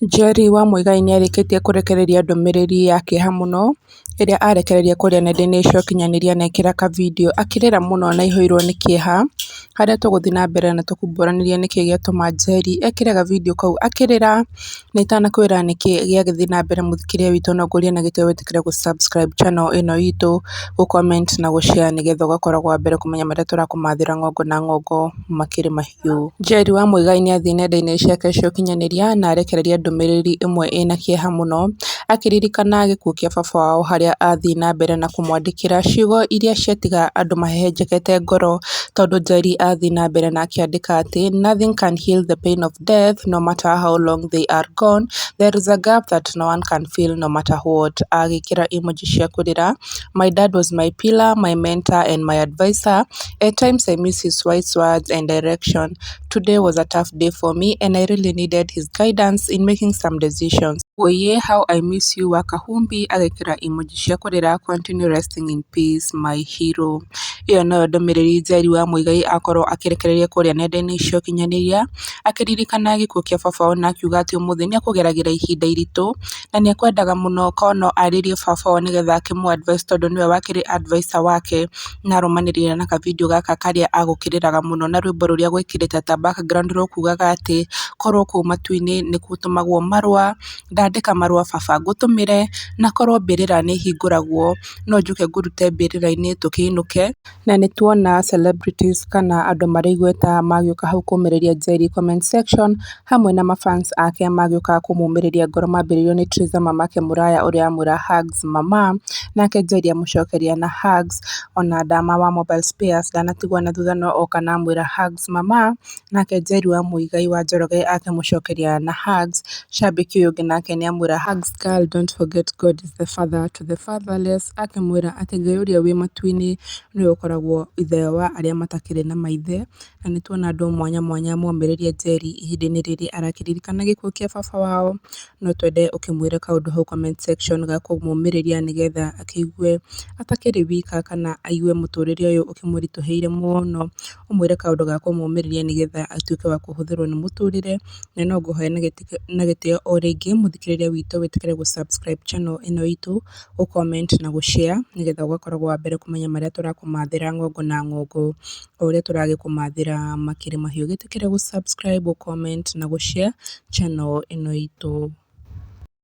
Njeri wa Muigai nĩarĩkĩtie kũrekereria ndũmĩrĩri ya kĩeha mũno ĩrĩa arekereirie kũrĩa nenda-inĩ cia ũkinyanĩria na ekĩra kavidio akĩrĩra mũno na aihũirwo nĩ kĩeha harĩa tũgũthiĩ na mbere na tũkũmbũranĩrie nĩkĩĩ gĩatũma Njeri ekĩre gavidio kau akĩrĩra na itanakwĩra nĩkĩĩ gĩagĩthiĩ na mbere mũthikĩria witũ no ngũrie na gĩtĩo wĩtĩkĩre gũ subscribe channel ĩno itũ, gũ comment na gũ share nĩgetha ũgakoragwo wa mbere kũmenya marĩa tũrakũmathĩra ng'ongo na ng'ongo makĩrĩ mahiũ. Njeri wa Muigai nĩathiĩ nenda-inĩ ciake cia ũkinyanĩria na arekereria ndũmĩrĩri ĩmwe ĩna kĩeha mũno akĩririkana gĩkuũ kĩa baba wao harĩa athiĩ na mbere na kũmwandĩkĩra ciugo iria ciatiga andũ mahehenjekete ngoro tondũ Njeri athiĩ na mbere na akĩandĩka atĩ "Nothing can heal the pain of death no matter how long they are gone, there is a gap that no one can fill no matter what" agĩkĩra emoji cia kũrĩra "My dad was my pillar, my mentor and my advisor. At times I miss his wise words and direction. Today was a tough day for me and I really needed his guidance in making some decisions. Woye how I miss wish w'isi wa Kahumbi arekera imigisha yakorera continue resting in peace my hero ĩyo noyo ndũmĩrĩri njeri wa Muigai akorwo akĩrekereria kũrĩa nenda-inĩ cia ũkinyanĩria akĩririkana gĩkuũ kĩa baba wao na akiuga atĩ ũmũthĩ nĩekũgeragĩra ihinda iritũ na ni nĩekwendaga muno Kono arĩrie baba wao nĩgetha akĩmũ advice tondũ nĩwe wakĩrĩ advisor wake na arũmanĩrĩire na kavindiũ gaka karĩa agũkĩrĩraga muno na rwĩmbo rũrĩa gwĩkĩrĩte ta background rũkugaga atĩ korwo kũu matu-inĩ nĩgũtũmagwo marua ndandĩka marua baba ngũtũmĩre, na korwo mbĩrĩra nĩ ĩhingũragwo no njũke ngũrute mbĩrĩra-inĩ tũkĩinũke, na nĩ tuona celebrities kana andũ marĩ igweta magĩũka hau kũmĩrĩria Njeri comment section, hamwe na ma mafans ake magĩũka kũmũmĩrĩria ngoro mambĩrĩirio nĩ Tresa mamake mũraya ũrĩa amwĩra hugs mama, nake Njeri amũcokeria na hugs, ona Ndama wa Mobile Spares ndanatigwo na thutha no oka na amwĩra hugs mama, nake Njeri wa Muigai wa Njoroge akĩmũcokeria na hugs, cambĩki ũyũ ũngĩ nake nĩ nĩamwĩra hugs girl child don't forget God is the father to the fatherless akamwĩra ati Ngai ũrĩa wĩ matu-inĩ nĩwe ũkoragwo ithe wa arĩa matakĩrĩ na maithe na nĩ tuona andũ mwanya mwanya momĩrĩria Njeri ihinda ni riri arakiririkana gĩkuũ kĩa baba wao no twende ũkĩmwĩre kaũndũ hau comment section ga kũmũmĩrĩria nĩgetha akĩigue atakire wika kana aiwe aigue mũtũrĩre ũyũ ũkĩmũritũhĩire mũno ka kaũndũ ga kũmũmĩrĩria nĩgetha atuĩke wa kũhũthĩrwo ni muturire na no ngũhoya na gĩtĩo o rĩngĩ mũthikĩrĩria witũ wĩtĩkĩre gũ subscribe channel ĩno itũ, gũ comment na gũ share nĩgetha ũgakoragwo wa mbere kũmenya marĩa tũrakũmathĩra ng'ongo na ng'ongo, o ũrĩa tũragĩkũmathĩra makĩrĩ mahiũ. Wĩtĩkĩre gũ subscribe, gũ comment na gũ share channel ĩno itũ.